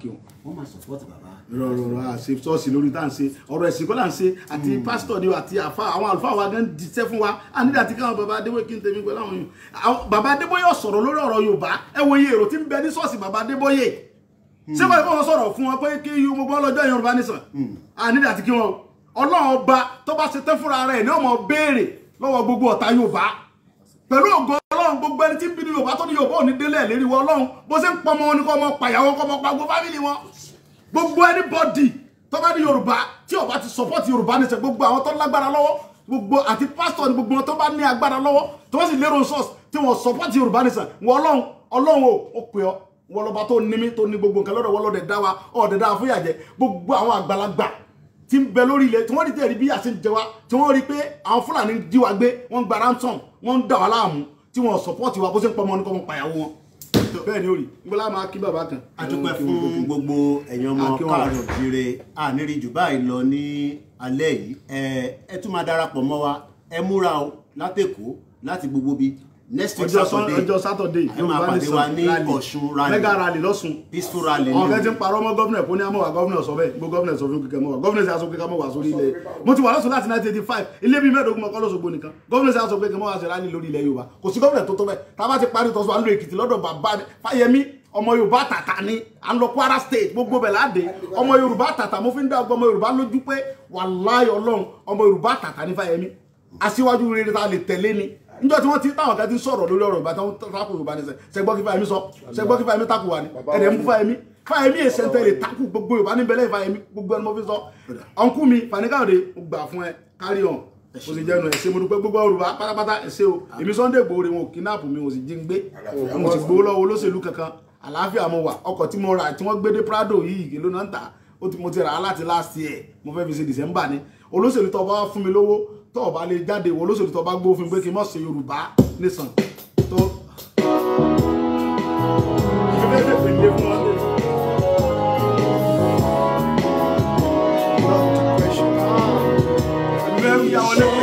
kí wọn wọn máa support bàbá. rọrọrọ àṣe ṣọ́ọ̀ṣì lórí tá à ń ṣe ọ̀rọ̀ ẹ̀sìn kọ́ là ń ṣe àti hmm. pásítọ̀ ni àti àfa àwọn àlùfáà wa gan diṣẹ́ fún wa a nílò àti káwọn bàbá Adébóyè kí n tẹ̀mí pẹ̀lú àwọn yòó bàbá Adébóyè ó sọ̀rọ̀ lórí ọ̀rọ̀ Yorùbá ẹ wo iye èrò tí ń bẹ ní ṣọ́ọ̀ṣì bàbá Adébóyè hmm. ṣé wọ́n kọ́ sọ̀rọ̀ fún wọn pé kí yú gbogbo ọlọ́jọ́ Yorùbá hmm. a nílò àti kí wọn Ọlọ́run ọba tó bá ṣe tẹ́ fúnra rẹ̀ ní ọmọ béèrè lọ́wọ́ gbogbo ọ̀tá pẹ̀lú ògo ọlọ́run gbogbo ẹni tí ń bínú yorùbá tó ní yorùbá ò ní délẹ̀ lérí wọn ọlọ́run bó ṣe ń pọ wọn ni kọ́ ọmọ pàyàwó kọ́ fámìlì wọn gbogbo ẹni bọ́dì tó bá ní yorùbá tí ọba ti support yorùbá ní sẹ gbogbo àwọn tó lágbára lọ́wọ́ gbogbo àti pásítọ̀ ni gbogbo wọn tó bá ní agbára lọ́wọ́ tó bá sì lérò source tí wọn support yorùbá ní sẹ wọn ọlọ́run ọlọ́run tí ń bẹ lórí ilẹ̀ tí wọ́n dìde rí bí àṣẹ ń jẹ wá tí wọ́n rí pé àwọn Fúlàní jí wa gbé wọ́n ń gba ransom wọ́n ń dà wá láàmú tí wọ́n sọ̀pọ́ọ̀tì wa bó ṣe ń pọmọ oníkọ́mọ pàyàwó wọn. bẹ́ẹ̀ ni ó rí ngbọ́lá máa kí bàbá kan. a dúpẹ́ fún gbogbo ẹ̀yàn ọmọ káàárọ̀ jíire àníri jù báyìí lọ ní alẹ́ yìí ẹ tún máa darapọ̀ mọ́ wa ẹ múra o látẹ̀kọ́ láti gbogbo bíi next week saturday ọjọ́ saturday ẹ máa pàdé wa ní ọ̀ṣun rally mega rally lọ́sùn peaceful rally ni o ọ̀gá ti ń parọ́ mọ́ gọ́vnẹ̀ kó ní àmọ́wà gọ́vnẹ̀ sọ bẹ́ẹ̀ gbó gọ́vnẹ̀ sọ fún kíkẹ́ mọ́wà gọ́vnẹ̀ sì aṣọ kíkẹ́ mọ́wà sórí ilẹ̀ mo ti wà lọ́sùn láti 1985 ilé bíi mẹ́ẹ̀ẹ́dógún mọ́kọ́ lọ́sọ̀gbọ̀ nìkan gọ́vnẹ̀ sì aṣọ kíkẹ́ mọ́wà sọ rally lórí ilẹ̀ yorùbá kò sí gọ́vnẹ̀ tó tó bẹ́ẹ̀ tá a bá ti parí tọ́sọ̀ à ń lo èkìtì lọ́dọ̀ bàbá fáyemí ọmọ yorùbá tàtà ni à ń lọ kwara state gbogbo bẹ̀ láde ọmọ yorùbá tàtà mo fi ń dá ọgbọ ọmọ yorùbá lójú pé wàláyọ ọlọ́run ọmọ yorùbá tàtà ní fáyemí aṣíwájú rere ta lè tẹ̀lé ni níjọ́ tí wọ́n ti táwọn kan ti sọ̀rọ̀ lórí ọ̀rọ̀ ìbátan tákù yorùbá ni ṣe gbọ́ kí fáyemí sọ ṣe gbọ́ kí fáyemí tákù wa ni ẹ̀rẹ̀ mú fáyemí fáyemí èsè tẹ̀ lè tákù gbogbo yorùbá ní bẹ́lẹ̀ fáyemí gbogbo ẹni mo fi sọ ọ̀nkú mi fanikaode gbà fún ẹ kárí ọ̀n o sì jẹnu ẹsẹ mo dúpẹ́ gbogbo yorùbá pátápátá ẹsẹ o ah. èmi Sunday Igboho rè wọn ò kidnap mi ò sì jí ń gbé mo sì gbowó lọ́wọ́ olóṣèlú kankan àlàáfíà mo wà ọkọ̀ tí mo rà tí wọ́n gbé dé Prado yìí ìgbélónà ń tà ó ti mo ti rà á láti last year mo fẹ́ fi ṣe december ni olóṣèlú tó bá fún mi lówó tó bá lè jáde ìwọ olóṣèlú tó bá gbó fún mi pé kí n mọ̀ ṣe yorùbá nation tó. ìfẹ́